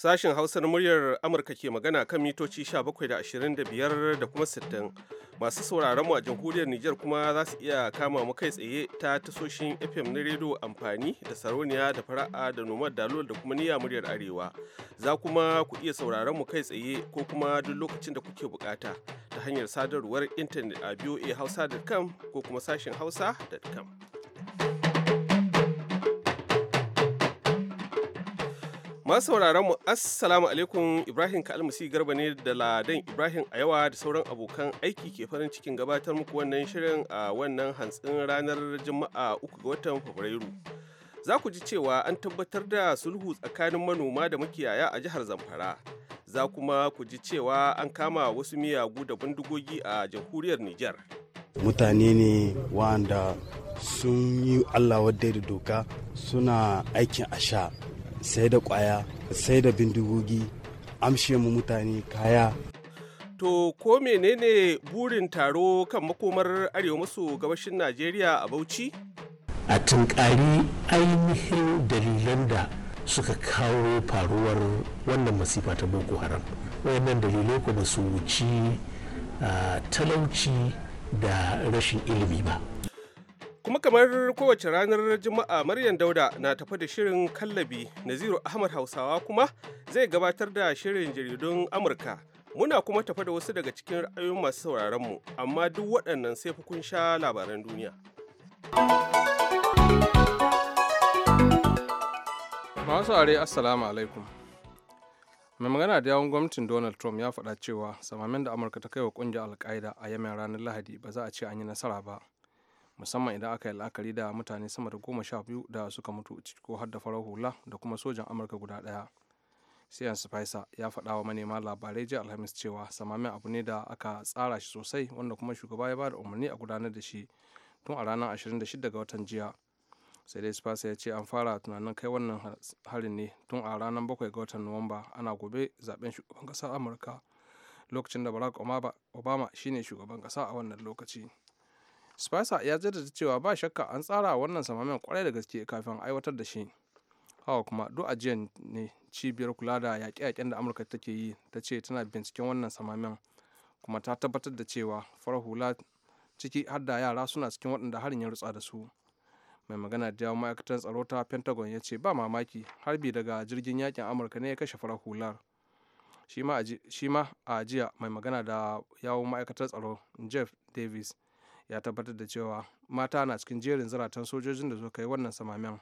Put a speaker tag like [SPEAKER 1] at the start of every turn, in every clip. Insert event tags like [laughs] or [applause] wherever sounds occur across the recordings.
[SPEAKER 1] Sashen Hausar muryar Amurka ke magana kan mitoci bakwai da da kuma 60. Masu sauraron mu a jamhuriyar Nijar kuma za su iya kama mu kai tsaye ta tasoshin FM na rediyo amfani da saroniya da fara'a da nomad dalol da kuma niyya muryar Arewa. Za kuma ku iya sauraron mu kai tsaye ko kuma duk lokacin da kuke bukata ta hanyar sadarwar intanet a hausa.com ko kuma sashen hausa.com. Masu sauraron mu Assalamu alaikum Ibrahim Kalmasi Garba ne da Ladan Ibrahim a yawa da sauran abokan aiki ke farin cikin gabatar muku wannan shirin a wannan hantsin ranar Juma'a uku ga watan Fabrairu. Za ku ji cewa an tabbatar da sulhu tsakanin manoma da makiyaya a jihar Zamfara. Za kuma ku ji cewa an kama wasu miyagu da bindigogi a jamhuriyar Nijar.
[SPEAKER 2] mutane ne wanda sun yi allah wadda da doka suna aikin asha sai da kwaya sai da bindigogi amshe mu mutane kaya
[SPEAKER 1] to ko menene burin taro kan makomar arewa maso gabashin najeriya a bauchi
[SPEAKER 2] a tunkari ainihin dalilan da suka kawo faruwar wannan masifa ta boko haram wayannan dalilai kuma su wuci ah, talauci da rashin ilimi ba
[SPEAKER 1] kuma kamar kowace ranar juma'a maryam dauda na tafi da shirin kallabi naziru ahmad hausawa kuma zai gabatar da shirin jaridun amurka muna kuma tafi da wasu daga cikin ra'ayoyin masu sauraron mu amma duk waɗannan sai fi kun sha labaran duniya
[SPEAKER 3] masu are assalamu alaikum mai magana da yawon gwamnatin donald trump ya faɗa cewa samamin da amurka ta kai wa ƙungiyar alkaida a yamen ranar lahadi ba za a ce an yi nasara ba musamman idan aka yi la'akari da mutane sama da goma sha biyu da suka mutu ko har da farar hula da kuma sojan amurka guda daya siyan spicer ya faɗa wa manema labarai jiya alhamis cewa samamin abu ne da aka tsara shi sosai wanda kuma shugaba ya ba da umarni a gudanar da shi tun a ranar 26 ga watan jiya sai dai spicer ya ce an fara tunanin kai wannan harin ne tun a ranar 7 ga watan nuwamba ana gobe zaben shugaban kasar amurka lokacin da barack obama shine shugaban ƙasa a wannan lokaci spicer ya jaddada cewa ba shakka an tsara wannan samamen kwarai da gaske kafin aiwatar da shi hawa kuma duk ajiyar ne cibiyar kula da yaƙe-yaƙen da amurka take yi ta ce tana binciken wannan samamen kuma ta tabbatar da cewa farar hula ciki har da yara suna cikin waɗanda harin ya rutsa da su mai magana da yawon ma'aikatan tsaro ta pentagon ya ce ba mamaki harbi daga jirgin yakin amurka ne ya kashe farar hular shi ma a jiya mai magana da yawon ma'aikatar tsaro jeff davis ya tabbatar da cewa mata na cikin jerin zaratan sojojin da suka yi wannan samamen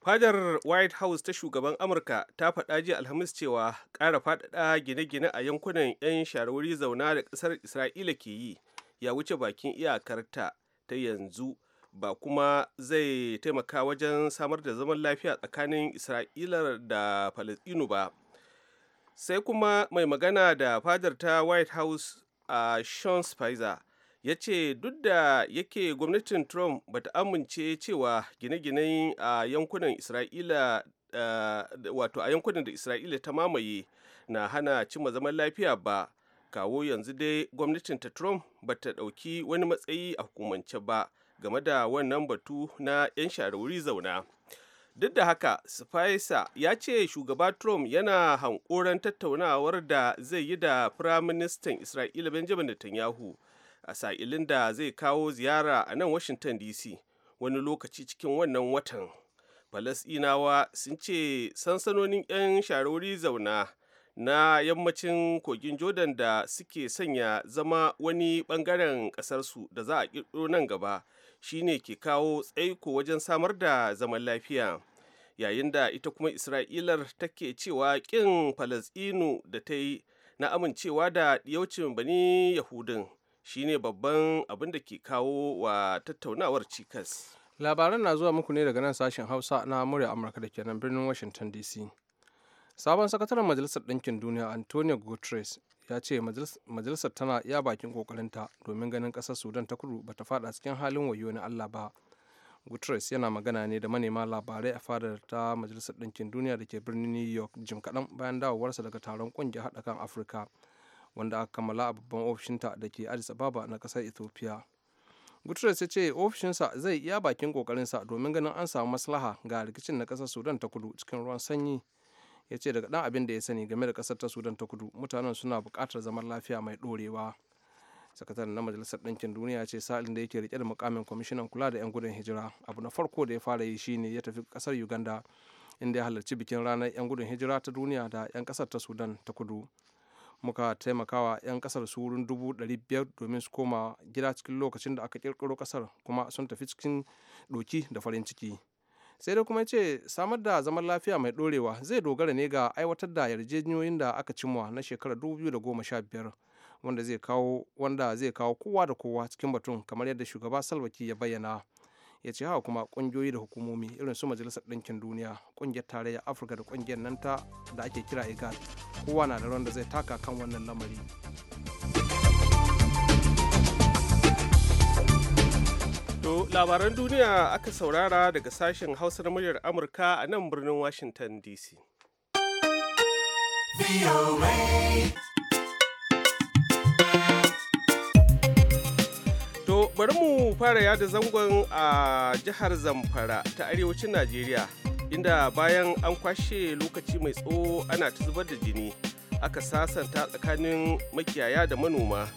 [SPEAKER 1] fadar white house ta shugaban amurka ta faɗa jiya alhamis cewa ƙara faɗaɗa gine-gine a yankunan 'yan shawarwari zauna da ƙasar isra'ila ke yi ya wuce bakin iyakarta ta yanzu ba kuma zai taimaka wajen samar da zaman lafiya tsakanin isra'ila da falasɗinu ba sai kuma mai magana da fadar ta white house a uh, sean spicer ya ce duk da yake gwamnatin trump ba ta amince cewa gine-ginen a yankunan isra'ila wato a yankunan da isra'ila ta mamaye na hana cimma zaman lafiya ba kawo yanzu dai gwamnatin ta trump ta ɗauki wani matsayi a hukumance ba game da wannan batu na 'yan shawarwari zauna duk da haka spicer ya ce shugaba trump yana hankoran tattaunawar da zai yi da firaministan isra'ila benjamin netanyahu a sa'ilin da zai kawo ziyara a nan washington dc wani lokaci cikin wannan watan Falasinawa sun ce sansanonin 'yan sharori zauna na yammacin kogin jordan da suke sanya zama wani ɓangaren ƙasarsu da za a ƙirƙiro nan gaba shine ke kawo tsaiko wajen samar da zaman lafiya yayin da ita kuma isra'ilar take cewa kin Falasinu da ta yi na amincewa da ɗiyaucin bani yahudin shi ne babban abin da ke kawo wa tattaunawar cikas
[SPEAKER 3] labaran na zuwa muku ne daga nan sashen hausa na murya amurka da ke nan birnin washington dc sabon sakataren majalisar ɗinkin duniya antonio guterres ya ce majalisar tana iya bakin kokarinta domin ganin ƙasar sudan ta kudu ba ta fada cikin halin wayo na allah ba guterres yana magana ne da manema labarai a fadar ta majalisar ɗinkin duniya da ke birnin new york jim kaɗan bayan dawowarsa daga taron ƙungiyar haɗa kan afirka wanda aka kammala a babban ofishinta da ke addis ababa na kasar ethiopia guterres ya ce ofishinsa zai iya bakin kokarinsa domin ganin an samu maslaha ga rikicin na kasar sudan ta kudu cikin ruwan sanyi ya ce daga dan abin da ya sani game da kasar ta sudan ta kudu mutanen suna bukatar zaman lafiya mai ɗorewa sakataren na majalisar ɗinkin duniya ce sa'ilin da yake rike da mukamin kwamishinan kula da 'yan gudun hijira abu na farko da ya fara yi shine ya tafi kasar uganda inda ya halarci bikin ranar 'yan gudun hijira ta duniya da 'yan kasar ta sudan ta kudu muka taimakawa 'yan kasar su wurin dubu ɗari biyar domin su koma gida cikin lokacin da aka kirkiro kasar kuma sun tafi cikin doki da farin ciki sai dai kuma ce samar da zaman lafiya mai ɗorewa zai dogara ne ga aiwatar da yarjejeniyoyin da aka cimma na shekarar 2015 wanda sha biyar wanda zai kawo kowa da kowa cikin batun kamar yadda shugaba salwaki ya bayyana ya ce hawa kuma kungiyoyi da hukumomi irin su majalisar ɗinkin duniya kungiyar tarayyar afirka da kungiyar nan ta da ake kira igal kowa na da ran da zai taka kan wannan lamari
[SPEAKER 1] to labaran duniya aka saurara daga sashen hausa na muryar amurka a nan birnin washington dc bari mu fara yada zangon a jihar Zamfara ta arewacin Najeriya inda bayan an kwashe lokaci mai tsawo ana ta zubar da jini aka sasanta tsakanin makiyaya da manoma.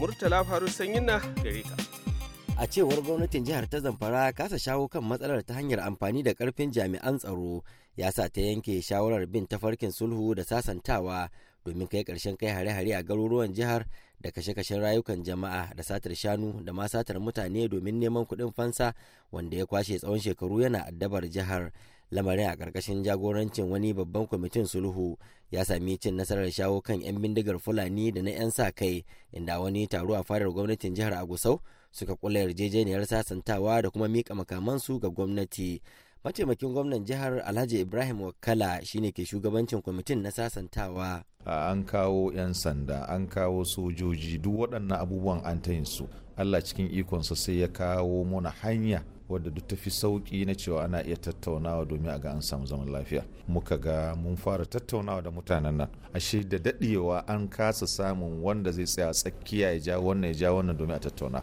[SPEAKER 1] Murtala faru sanyin na gare ka.
[SPEAKER 4] a cewar gwamnatin jihar ta zamfara kasa shawo kan matsalar ta hanyar amfani da karfin jami'an tsaro ya sa ta yanke shawarar bin tafarkin sulhu da sasantawa domin kai ƙarshen kai hare-hare a garuruwan jihar da kashe-kashen rayukan jama'a da satar shanu da ma satar mutane domin neman kuɗin fansa wanda ya kwashe tsawon shekaru yana addabar jihar lamarin a ƙarƙashin jagorancin wani babban kwamitin sulhu ya sami cin nasarar shawo kan 'yan bindigar fulani da na 'yan sa kai inda wani taro a fadar gwamnatin jihar agusau suka kula yarjejeniyar sasantawa da kuma mika makamansu ga gwamnati mataimakin gwamnan jihar alhaji ibrahim wakala shine ke shugabancin kwamitin na sasantawa an
[SPEAKER 1] kawo 'yan sanda an kawo sojoji duk waɗannan abubuwan an ta yin su allah cikin ikonsa sai ya kawo mana hanya wadda duk tafi sauki na cewa ana iya tattaunawa domin a ga an samu zaman lafiya muka ga mun fara tattaunawa da mutanen nan ashe da dadewa an kasa samun wanda zai tsaya tsakiya ya ja wannan ya ja wannan domin a tattauna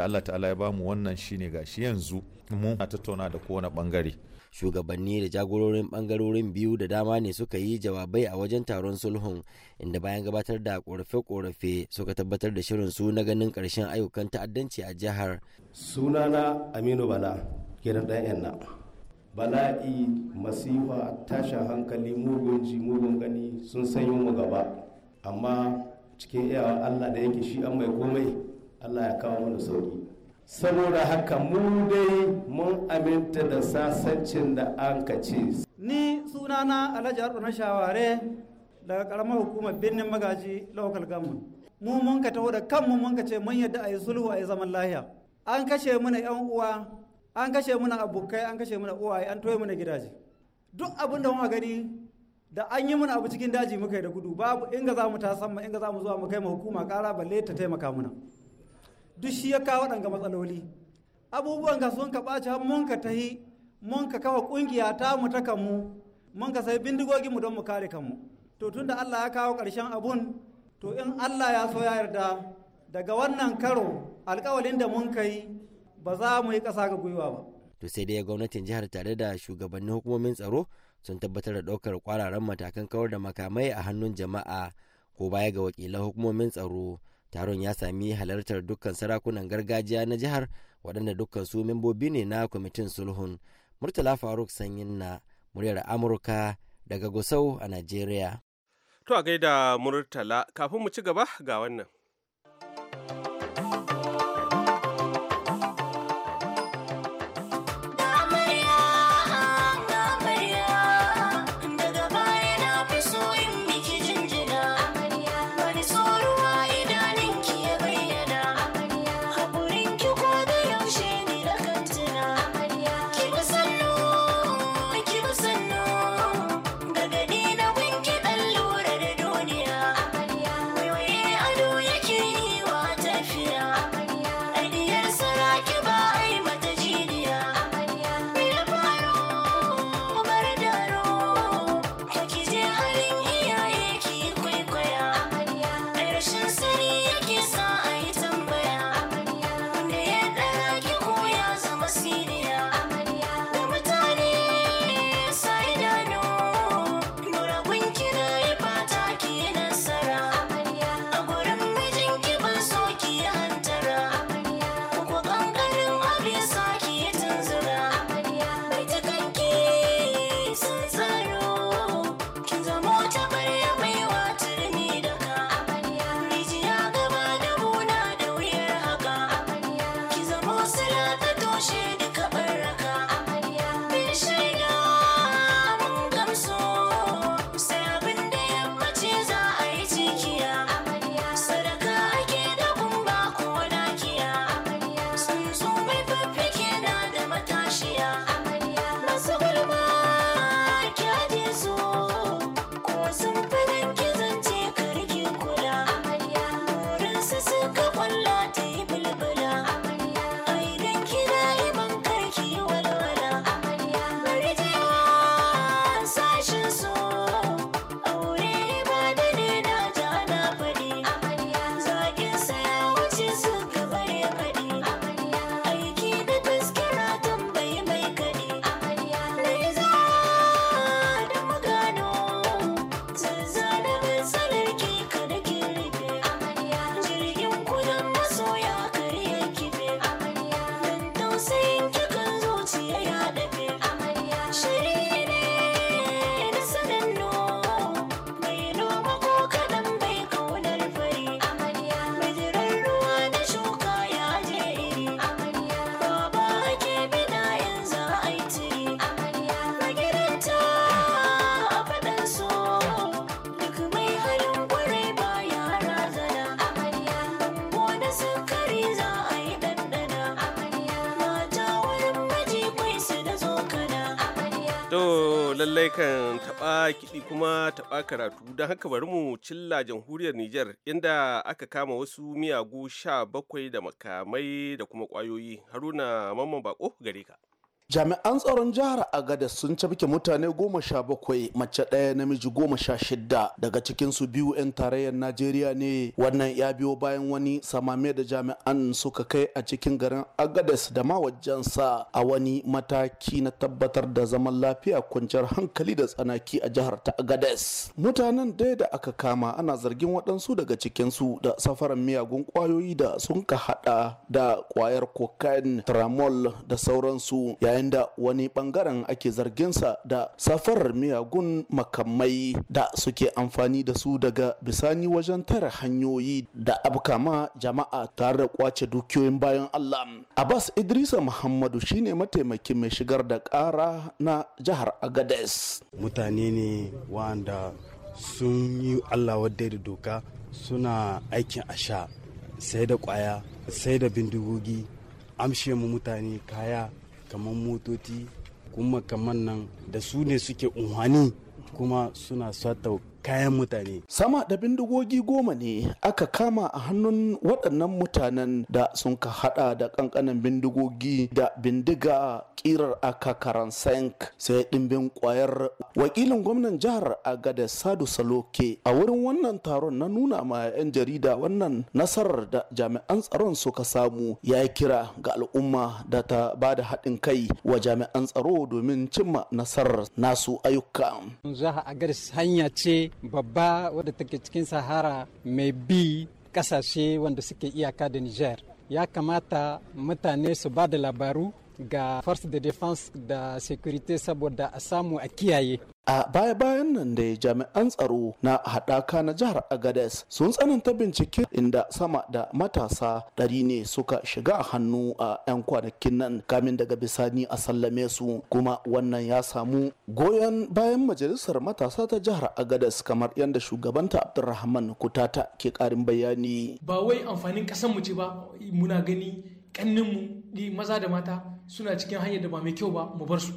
[SPEAKER 1] da
[SPEAKER 4] Allah ta'ala ya bamu wannan shine gashi yanzu mun tattauna da kowane bangare shugabanni da jagororin bangarorin biyu da dama ne suka yi jawabai a wajen taron sulhun inda bayan gabatar da korafe-korafe suka tabbatar da shirin su na ganin karshen ayyukan ta'addanci a jihar sunana aminu bala dan ɗan na
[SPEAKER 2] bala'i masifa tashin hankali mugun ji mugun gani sun sanyo mu gaba amma cikin iyawa allah da yake shi an mai komai allah ya kawo mana sauki saboda haka mu dai mun aminta da sasancin da an kace
[SPEAKER 4] ni sunana alhaji harɗo na shaware daga karamar hukumar birnin magaji local government mu mun ka taho da kanmu mun ka ce mun yadda a yi sulhu a yi zaman lahiya an kashe muna yan uwa an kashe muna abokai an kashe muna uwaye an toye muna gidaje duk abin da muka gani da an yi muna abu cikin daji muka yi da gudu babu inga za mu tasamma inga za mu zuwa mu kai hukuma kara balle ta taimaka muna duk shi ya kawo waɗanga matsaloli abubuwan ka sun ka ɓaci har mun ka tahi mun ka kafa ƙungiya ta mu ta kanmu mun ka sai bindigogin mu don mu kare kanmu to tunda Allah ya kawo ƙarshen abun to in Allah ya so ya yarda daga wannan karo alkawalin da mun kai ba za mu yi ƙasa ga gwiwa ba to sai dai gwamnatin jihar tare da shugabannin hukumomin tsaro sun tabbatar da ɗaukar kwararan matakan kawar da makamai a hannun jama'a ko baya ga wakilan hukumomin tsaro taron ya sami halartar dukkan sarakunan gargajiya na jihar waɗanda dukkan su membobi ne na kwamitin sulhun murtala faruk sanyin na muryar amurka daga gusau a najeriya
[SPEAKER 1] to a gaida murtala kafin mu ci gaba ga wannan lallai kan taɓa kiɗi kuma taɓa karatu don haka bari mu cilla jamhuriyar Nijar inda aka kama wasu miyagu sha bakwai da makamai da kuma ƙwayoyi haruna mamman bako gare ka.
[SPEAKER 2] jami'an tsaron jihar agada sun cafke mutane goma sha bakwai mace ɗaya namiji goma sha shida daga cikinsu biyu 'yan tarayyar najeriya ne wannan ya biyo bayan wani samame da jami'an suka kai a cikin garin agadas da ma wajensa a wani mataki na tabbatar da zaman lafiya kwanciyar hankali da tsanaki a jihar ta agades mutanen dai da aka kama ana zargin waɗansu daga cikinsu da safaran miyagun ƙwayoyi da sun ka haɗa da ƙwayar cocaine tramol da sauransu yayin Inda wani bangaren ake zarginsa da safar miyagun makamai da suke amfani da su daga bisani wajen tare hanyoyi da abkama jama'a tare da kwace dukiyoyin bayan Allah. Abbas Idrisa Muhammadu shine mataimakin mai shigar da ƙara na jihar Agades. Mutane ne wanda sun yi Allah wadda da doka suna aikin asha sai da kwaya sai da bindigogi amshe mu mutane kaya kamar motoci kuma kamar nan da su ne suke unhani kuma suna sata kayan mutane. Sama da bindigogi goma ne aka kama a hannun waɗannan mutanen da sun ka hada da ƙanƙanan bindigogi da bindiga kirar karan sank sai ɗimbin ƙwayar wakilin gwamnan jihar agada sadu saloke a wurin wannan taron na nuna ma 'yan jarida wannan nasarar da jami'an tsaron suka samu ya kira ga al'umma da ta ba da haɗin kai wa jami'an tsaro domin cimma nasarar nasu ayyuka.
[SPEAKER 5] jihar agadis hanya ce babba wadda take cikin sahara mai bi kasashe wanda suke iyaka da niger ya kamata mutane su ba da labaru ga force de defense da security saboda a samu a
[SPEAKER 2] kiyaye a baya-bayan nan da jami'an tsaro na haɗaka na jihar agades sun tsananta bincike inda sama da matasa ɗari ne suka shiga a hannu a 'yan kwanakin nan kamin daga bisani a sallame su kuma wannan ya samu goyon bayan majalisar matasa ta jihar agades kamar yadda shugabanta abdulrahman kutata ke ƙarin bayani
[SPEAKER 6] ba wai amfanin ƙasar mu ce ba muna gani kanninmu ni maza da mata suna cikin hanyar da ba mai kyau ba mu bar su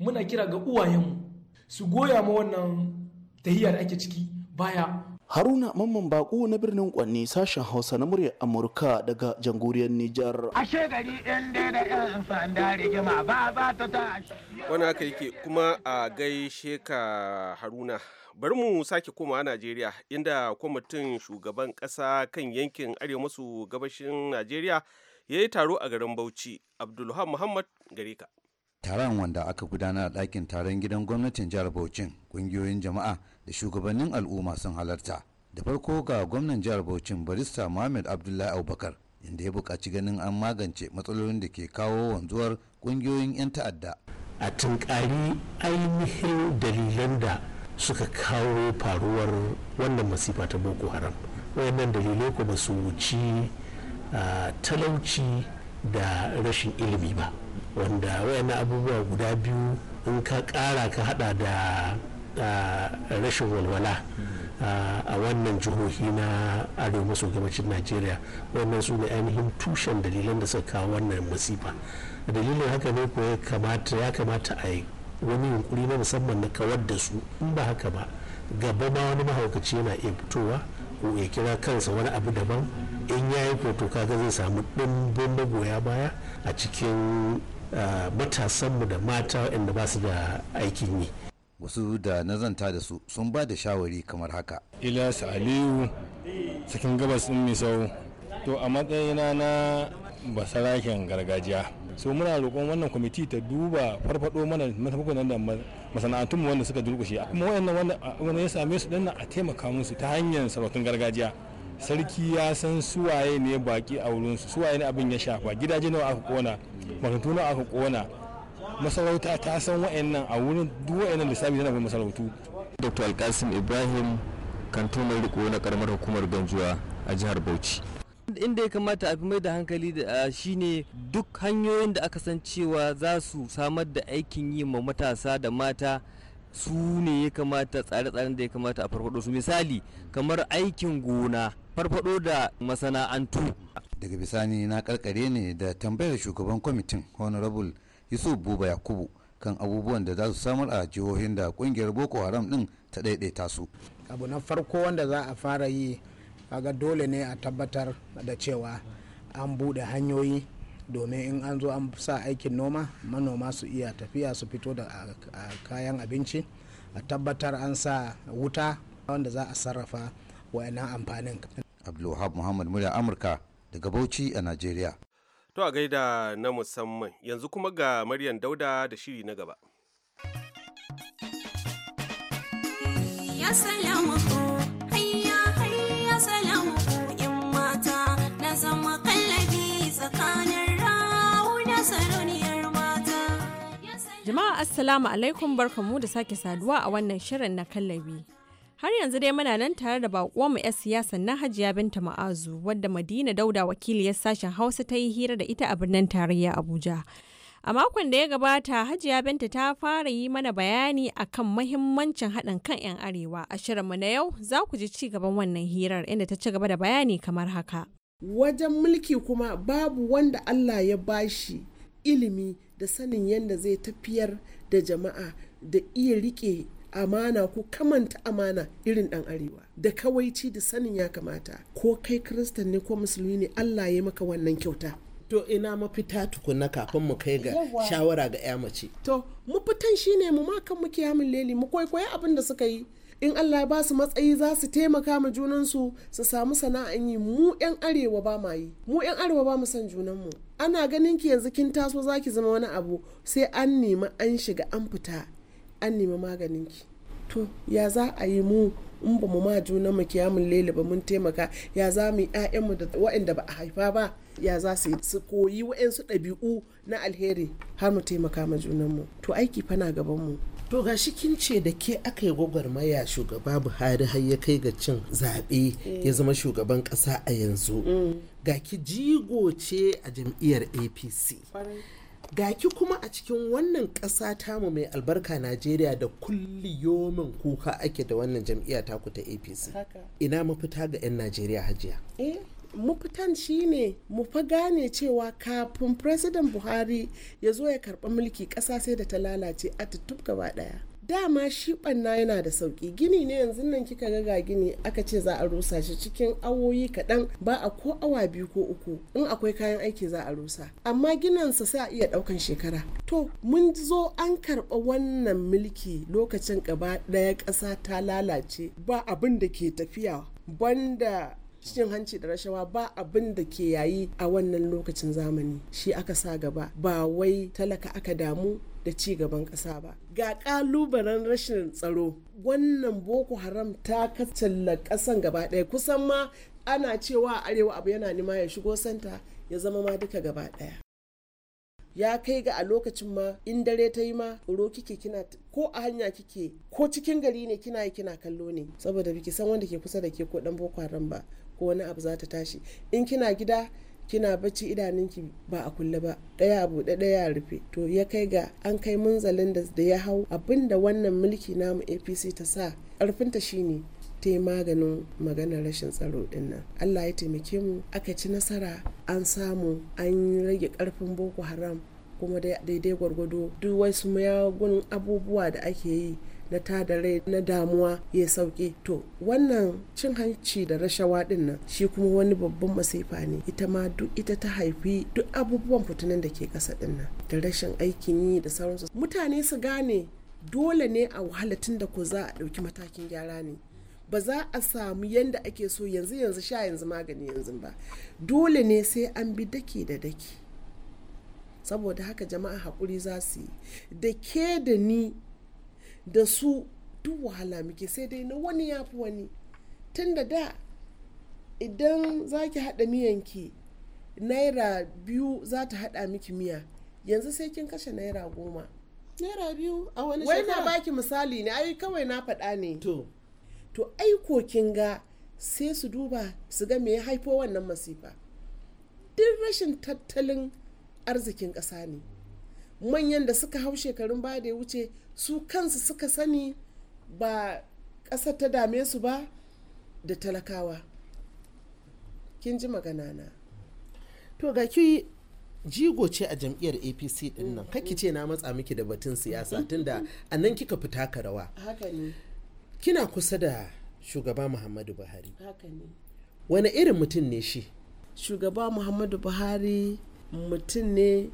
[SPEAKER 6] muna kira ga uwayenmu su goya ma wannan tahiya da ake ciki baya
[SPEAKER 2] Haruna Mamman Bako na birnin Kwanni sashen Hausa na muryar Amurka daga jangoriyar Nijar. Ashe gari ɗin da da yan sanda rigima ba ba ta ta.
[SPEAKER 1] Wani haka yake kuma a gaishe ka Haruna. Bari mu sake koma Najeriya inda kwamitin shugaban ƙasa kan yankin arewa maso gabashin Najeriya ya yi taro a garin Bauchi. Abdulluhan Muhammad gare
[SPEAKER 5] Taron wanda aka gudana a ɗakin taron gidan gwamnatin jihar Bauchin, ƙungiyoyin jama'a da shugabannin al'umma sun halarta. Da farko ga gwamnan jihar Bauchin barista Muhammad Abdullahi Abubakar inda ya buƙaci ganin an magance matsalolin da ke kawo wanzuwar ƙungiyoyin 'yan ta'adda. A tunkari ainihin dalilan da suka kawo faruwar wannan masifa ta Boko
[SPEAKER 2] Haram. Wayannan dalilai kuma su wuci talauci da rashin ilimi ba wanda wayannan abubuwa guda biyu in ka kara ka hada da rashin walwala a wannan jihohi na arewa maso gabacin najeriya wannan su ne ainihin tushen dalilan da suka kawo wannan masifa dalilin haka ne ko ya kamata a yi wani yunkuri na musamman na kawar da su in ba haka ba gaba ma wani mahaukaci yana iya fitowa ko ya kira kansa wani abu daban in ya yi foto kaga zai samu ɗimbin magoya baya
[SPEAKER 5] a cikin matasanmu da mata inda ba su da aikin yi wasu da nazanta da su sun ba da shawari kamar haka
[SPEAKER 1] su aliyu cikin gabas ɗin misau to a matsayina na basarakin gargajiya so muna roƙon wannan kwamiti ta duba farfado mana nan da masana'antunmu wanda suka durƙushe kuma wayannan ya same su dinnan a taimaka musu ta hanyar sarautun gargajiya sarki ya san suwaye ne baki a wurinsu suwaye ne abin ya shafa gidaje
[SPEAKER 2] nawa aka kona makarantu nawa aka kona masarauta ta san wa'annan a wurin duk
[SPEAKER 1] wa'annan lissafi tana bin masarautu dr alkasim ibrahim kantonar riko na karamar
[SPEAKER 4] hukumar ganjuwa a jihar bauchi inda ya kamata a fi mai da hankali da shine duk hanyoyin da aka san cewa za su samar da aikin yi ma matasa da mata su ne ya kamata tsare-tsaren da ya kamata a farfado su misali kamar aikin gona farfado da masana'antu
[SPEAKER 5] daga bisani na karkare ne da tambayar shugaban kwamitin honorable yusuf buba yakubu kan abubuwan da za su samar a jihohin da kungiyar boko haram din ta daidaita su
[SPEAKER 6] abu na farko wanda za a fara yi kaga dole ne a tabbatar da cewa an buɗe hanyoyi domin in an zo an sa aikin noma manoma su iya tafiya su fito da kayan abinci a tabbatar an sa wuta wanda za a sarrafa wa'annan
[SPEAKER 1] amfanin
[SPEAKER 5] abdulwahab muhammad murya amurka daga bauchi a nigeria.
[SPEAKER 1] to a gaida na musamman yanzu kuma ga maryam dauda da shiri na gaba
[SPEAKER 7] ya salamu Jama'a Assalamu alaikum barkamu da sake saduwa a wannan shirin na kallabi. Har yanzu dai muna nan tare da mu 'yar siyasa na Hajiya Binta Ma'azu wadda Madina Dauda wakiliyar sashen Hausa ta yi hira da ita a birnin tarayya Abuja. A makon da ya gabata Hajiya Binta ta fara yi mana bayani akan mahimmancin haɗin kan 'yan Arewa. A shirin mu na yau za ku ji ci gaban wannan hirar inda ta ci gaba da bayani kamar haka.
[SPEAKER 6] Wajen mulki kuma babu wanda Allah ya bashi ilimi da sanin yadda zai tafiyar da jama'a da iya rike amana ko kamanta amana irin dan arewa da kawaici da sanin ya kamata ko kai kristan ne ko musulmi ne allah ya maka wannan kyauta to ina mafita tukuna kafin mu kai ga shawara ga ya mace to mafitan shine mu ma kan muke hamin leli mu kwaikwayi abin da suka yi in Allah ya basu matsayi za su taimaka ma junansu su samu sana'an yi mu 'yan arewa ba ma yi mu 'yan arewa ba mu san mu. ana ganin ki yanzu kin taso za ki zama wani abu sai an nemi an shiga an fita an nemi maganin ki to ya za a yi mu in ba mu ma juna mu kiyamun lele ba mun taimaka ya za mu mu da waɗanda ba a haifa ba ya za su su koyi waɗansu ɗabi'u na alheri har mu taimaka ma junanmu to aiki fa na gaban mu to ga shi kin ce da ke aka yi gwagwarmaya shugaba buhari har ya kai ga cin zaɓe ya eh. zama shugaban ƙasa a yanzu mm. ga ki jigo ce a jam'iyyar apc ga ki kuma a cikin wannan ƙasa tamu mai albarka najeriya da kulli yomin kuka ake da wannan jam'iyya taku ta apc ina mafita ga 'yan najeriya hajiya eh. mafitan shine mu fa gane cewa kafin president buhari ya zo ya karba mulki ƙasa sai da ta lalace a tuttub gaba ɗaya dama shi ɓanna yana da sauki gini ne yanzu nan kika ga ga gini aka ce za a rusa shi cikin awoyi kaɗan ba a ko awa biyu ko uku in akwai kayan aiki za a rusa amma ginansa sai a iya ɗaukan shekara to mun zo an karɓa wannan mulki lokacin gaba ɗaya ƙasa ta lalace ba abin da ke tafiya banda cikin hanci da rashawa ba abin da ke yayi a wannan lokacin zamani shi aka sa gaba ba wai talaka aka damu da ci gaban ƙasa ba ga ƙalubalen rashin tsaro wannan boko haram ta kacalla ƙasan gaba ɗaya kusan ma ana cewa arewa abu yana nima ya shigo santa ya zama ma duka gaba ɗaya ya kai ga a lokacin ma in dare ta yi ma tsoro kike kina ko a hanya kike ko cikin gari ne kina yi kina kallo ne saboda biki san wanda ke kusa da ke ko dan boko haram ba ko wani abu za ta tashi in kina gida kina bacci idanunki ba a kulle ba ɗaya abu ɗaya rufe to ya kai ga an kai munzalin da ya hau abinda wannan mulki namu apc ta sa ƙarfinta shine ta yi maganin maganar rashin tsaro din nan allah ya taimake mu aka ci nasara an samu an rage ƙarfin boko haram kuma daidai gwargwado duk wasu mayagun abubuwa da ake yi na tada rai na damuwa ya sauki to wannan cin hanci da rashawa din nan shi kuma wani babban masifa ne ita ma duk ita ta haifi duk abubuwan fitinan da ke kasa din nan da rashin aikin yi da sauransu mutane su gane dole ne a wahala tun da ko za a ɗauki matakin gyara ne ba za a samu yadda ake so yanzu yanzu sha yanzu magani yanzu ba dole ne sai an bi daki da daki saboda haka jama'a haƙuri za su yi da ke da ni da su duk wahala muke sai dai na wani ya fi wani tun da da idan za ki haɗa miyanki naira biyu za ta haɗa miki miya yanzu sai kin kashe naira goma naira biyu a wani shekara wai na baki misali ne ai kawai na faɗa ne to to aiko kin ga sai su duba su ga me ya haifo wannan masifa duk rashin tattalin arzikin ƙasa ne manyan da suka hau shekarun baya da ya wuce su kansu suka sani ba ƙasar ta dame su ba da talakawa kin ji magana na to ga ki jigo ce a jam'iyyar apc din nan kake ce na matsa miki da batun siyasa [laughs] tunda a nan kika fita ka rawa kina kusa da shugaba muhammadu buhari haka wani irin mutum ne shi shugaba muhammadu buhari mutum ne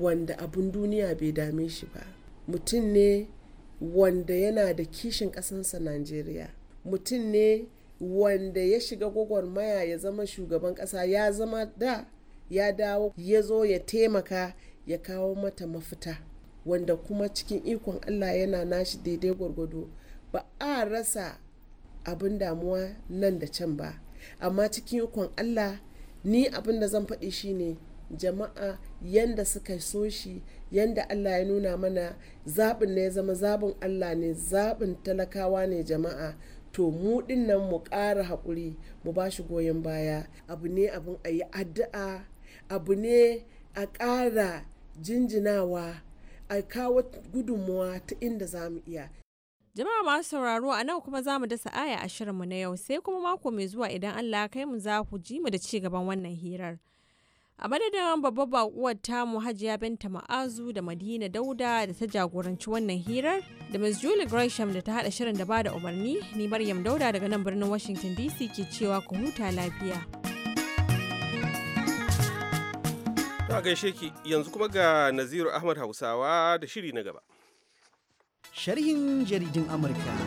[SPEAKER 6] wanda abun duniya bai dame shi ba mutum ne wanda yana da kishin ƙasansa najeriya mutum ne wanda ya shiga gwagwarmaya ya zama shugaban ƙasa ya zama da ya dawo ya zo ya taimaka ya kawo mata mafita wanda kuma cikin ikon allah yana nashi daidai gwargwado ba a rasa abin damuwa nan da can ba amma cikin ikon allah ni abin da zan faɗi shine jama'a yanda suka so shi yanda Allah ya nuna mana zaɓin ne zama zabin Allah ne zaɓin talakawa ne jama'a to mu dinnan mu ƙara haƙuri mu ba shi goyon baya abu ne abin a yi addu'a abu ne a ƙara jinjinawa a kawo gudunmuwa ta inda za mu
[SPEAKER 7] iya Jama'a masu sauraro a nan kuma za mu dasa aya a shirinmu na yau sai kuma mako mai zuwa idan Allah ya kai mu za ku ji mu da ci gaban wannan hirar. a madadin babbar bakuwar tamu hajiya binta ma'azu da madina dauda da ta jagoranci wannan hirar da ms julie gresham da ta hada shirin da ba da umarni ni maryam dauda daga nan birnin washington dc ke cewa ku huta lafiya
[SPEAKER 1] ta gaishe ki yanzu kuma ga naziru ahmad hausawa da shiri na gaba
[SPEAKER 8] sharhin jaridin amurka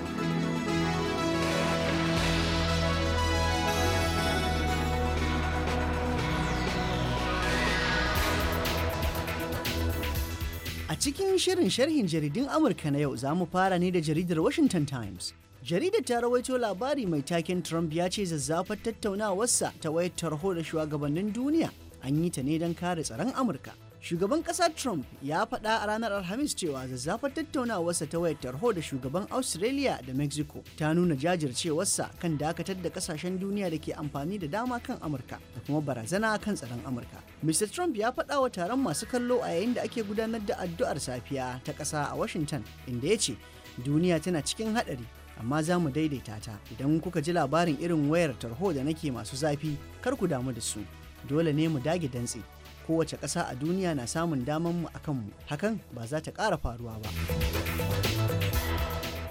[SPEAKER 8] cikin shirin sharhin jaridun Amurka na yau za mu fara ne da jaridar Washington Times. Jaridar ta rawaito labari mai taken Trump ya ce zazzafar tattaunawarsa ta wayar tarho da shugabannin duniya an yi ta ne don kare tsaron Amurka. Shugaban ƙasa Trump ya faɗa a ranar Alhamis cewa zazzafar tattaunawarsa ta wayar tarho da shugaban Australia da Mexico ta nuna jajircewarsa kan dakatar da ƙasashen duniya da ke amfani da dama kan Amurka da kuma barazana kan tsaron Amurka. Mr. Trump ya faɗa wa taron masu kallo a yayin da ake gudanar da addu'ar safiya ta ƙasa a Washington inda ya ce duniya tana cikin haɗari amma za mu daidaita ta idan kuka ji labarin irin wayar tarho da nake masu zafi kar ku damu da su dole ne mu dage dantse kowace ƙasa a duniya na samun mu a kanmu hakan ba za ta ƙara faruwa ba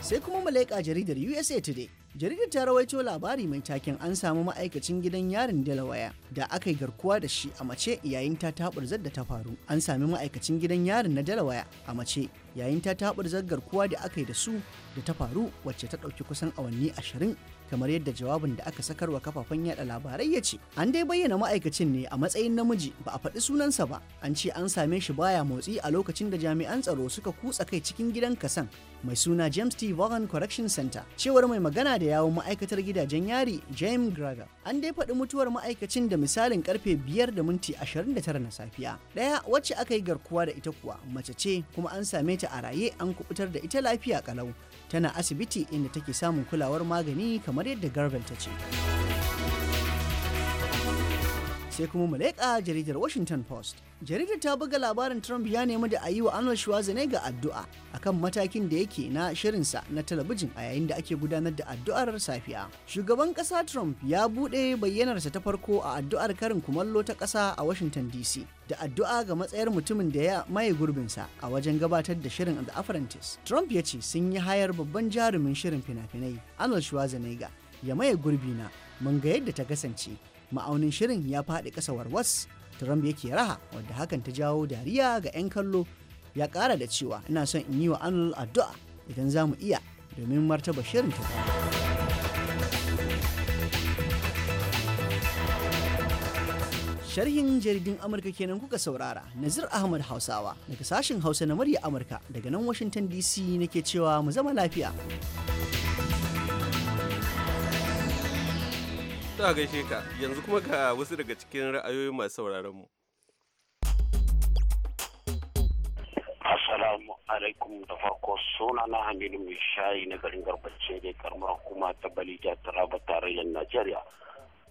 [SPEAKER 8] sai kuma malaika jaridar usa today jaridar ta rawaito labari mai taken an samu ma'aikacin gidan yarin delaware da aka yi garkuwa da shi a mace yayin ta taɓurzar da ta faru an sami ma'aikacin gidan yarin na delaware a mace yayin ta taɓurzar garkuwa da aka yi da su da ta faru wacce ta ɗauki kusan awanni ashirin kamar yadda jawabin da aka sakar wa kafafen yada labarai ya ce an dai bayyana ma'aikacin ne a matsayin namiji ba a faɗi sunansa ba an ce an same shi baya motsi a lokacin da jami'an tsaro suka kutsa kai cikin gidan kasan mai suna James T. Vaughan Correction Center. Cewar mai magana da yawon ma'aikatar gidajen yari James Gravel. An dai faɗi mutuwar ma'aikacin da misalin karfe biyar da minti 29 na safiya. Ɗaya wacce aka yi garkuwa da ita kuwa mace ce kuma an same ta a raye an kubutar da ita lafiya kalau. Tana asibiti inda take samun kulawar magani kamar yadda garvel ta ce. sai kuma mu leƙa jaridar washington post jaridar ta buga labarin trump ya nemi da a yi wa arnold schwarzenegger addu'a akan matakin da yake na shirinsa na talabijin a yayin da ake gudanar da addu'ar safiya shugaban ƙasa trump ya buɗe bayyanarsa ta farko a addu'ar karin kumallo ta ƙasa a washington dc da addu'a ga matsayar mutumin da ya maye gurbinsa a wajen gabatar da shirin the apprentice trump ya ce sun yi hayar babban jarumin shirin fina-finai arnold schwarzenegger ya maye gurbina mun ga yadda ta kasance ma'aunin shirin ya faɗi ƙasa warwas Trump yake raha wadda hakan ta jawo dariya ga 'yan kallo ya ƙara da cewa ina son in yi wa Arnold addu'a idan za mu iya domin martaba shirin ta Sharhin jaridin Amurka kenan kuka saurara Nazir Ahmad Hausawa daga sashen Hausa na murya Amurka daga nan Washington DC nake cewa mu zama lafiya.
[SPEAKER 1] Ta gaishe ka yanzu kuma ga wasu daga cikin ra'ayoyin masu sauraron mu. Assalamu alaikum da farko suna na Hamidu
[SPEAKER 2] mai shayi na garin garbace ne karmar kuma ta Balija Taraba tarayyar Najeriya.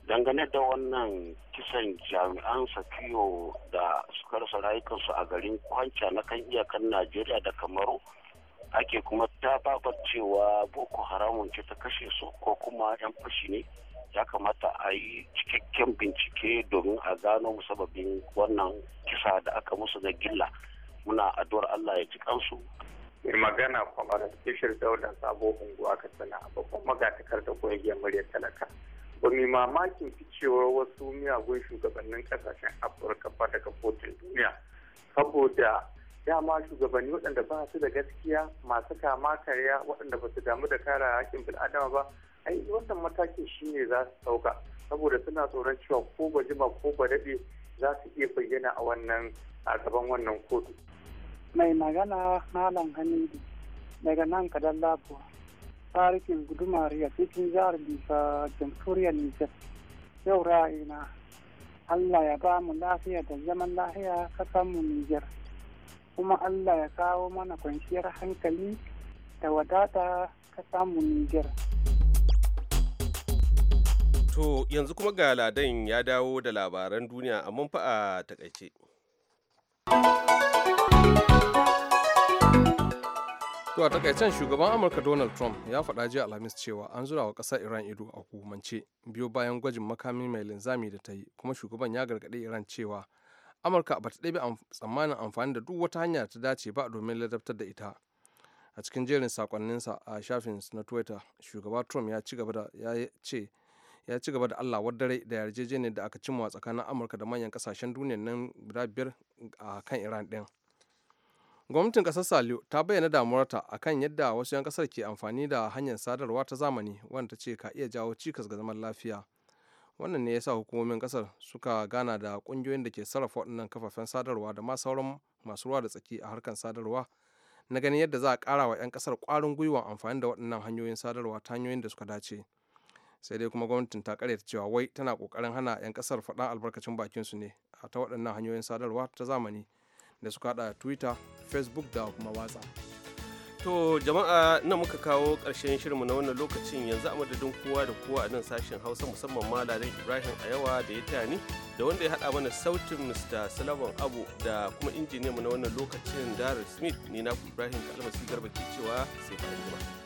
[SPEAKER 2] Dangane da wannan kisan jami'an Sakiyo da suka rasa rayukansu a garin Kwanca na kan iyakan Najeriya da Kamaru ake kuma ta babar cewa Boko Haramun ce ta kashe su ko kuma 'yan fashi ne. ya kamata a yi cikakken bincike domin a gano musababin wannan kisa da aka musu na gilla muna addu'ar Allah ya ci kansu mai magana kwamar
[SPEAKER 4] bishir dauda sabo unguwa katsina babban magatakar da kungiyar muryar talaka ba mai mamakin ficewar wasu miyagun shugabannin kasashen afirka ba daga kotun duniya saboda dama shugabanni waɗanda ba su da gaskiya masu kama karya waɗanda ba su damu da kare hakkin bil'adama ba ai wannan matakin shine za su sauka saboda suna tsoron cewa ko ba jima ko ba daɗe za su iya bayyana a wannan a gaban wannan kotu.
[SPEAKER 5] mai magana malam hamidu daga nan kadan labuwa tarikin gudumar ya cikin jihar bisa jamhuriyar nijar yau ra'ayina allah ya ba mu lafiya da zaman lahiya lafiya mu nijar kuma allah ya kawo mana kwanciyar hankali da wadata samu nijar.
[SPEAKER 1] To yanzu kuma ga ladan ya dawo da labaran duniya a fa a takaice. To a takaicen
[SPEAKER 3] shugaban Amurka Donald Trump ya faɗa jiya Alhamis cewa an zura wa ƙasar Iran ido a hukumance biyo bayan gwajin makami mai linzami da ta yi kuma shugaban ya gargaɗi Iran cewa Amurka ba ta ɗabi tsammanin amfani da duk wata hanya ta dace ba domin ladabtar da ita. A cikin jerin sakonninsa a shafin na Twitter, shugaba Trump ya ci gaba da ya ce ya ci gaba da allah dare da yarjejeniyar da aka cimma tsakanin amurka da manyan kasashen duniya nan guda biyar a kan iran ɗin gwamnatin ƙasar saliu ta bayyana damuwarta a kan yadda wasu 'yan kasar ke amfani da hanyar sadarwa ta zamani wanda ta ce ka iya jawo cikas ga zaman lafiya wannan ne ya sa hukumomin kasar suka gana da kungiyoyin da ke sarrafa waɗannan kafafen sadarwa da ma sauran masu ruwa da tsaki a harkar sadarwa na ganin yadda za a ƙara wa 'yan kasar ƙwarin gwiwa amfani da waɗannan hanyoyin sadarwa ta hanyoyin da suka dace sai dai kuma gwamnatin ta karyata cewa wai tana kokarin hana 'yan kasar faɗan albarkacin bakin su ne a ta waɗannan hanyoyin sadarwa ta zamani da suka hada twitter facebook da kuma watsa
[SPEAKER 1] to jama'a na muka kawo ƙarshen shirinmu na wannan lokacin yanzu a madadin kowa da kowa a nan sashen hausa musamman malamin ibrahim ayawa da ya taya ni da wanda ya haɗa mana sautin mr salaman abu da kuma injiniyanmu na wannan lokacin darar smith ne na ibrahim kalmasi garba ke cewa sai bayan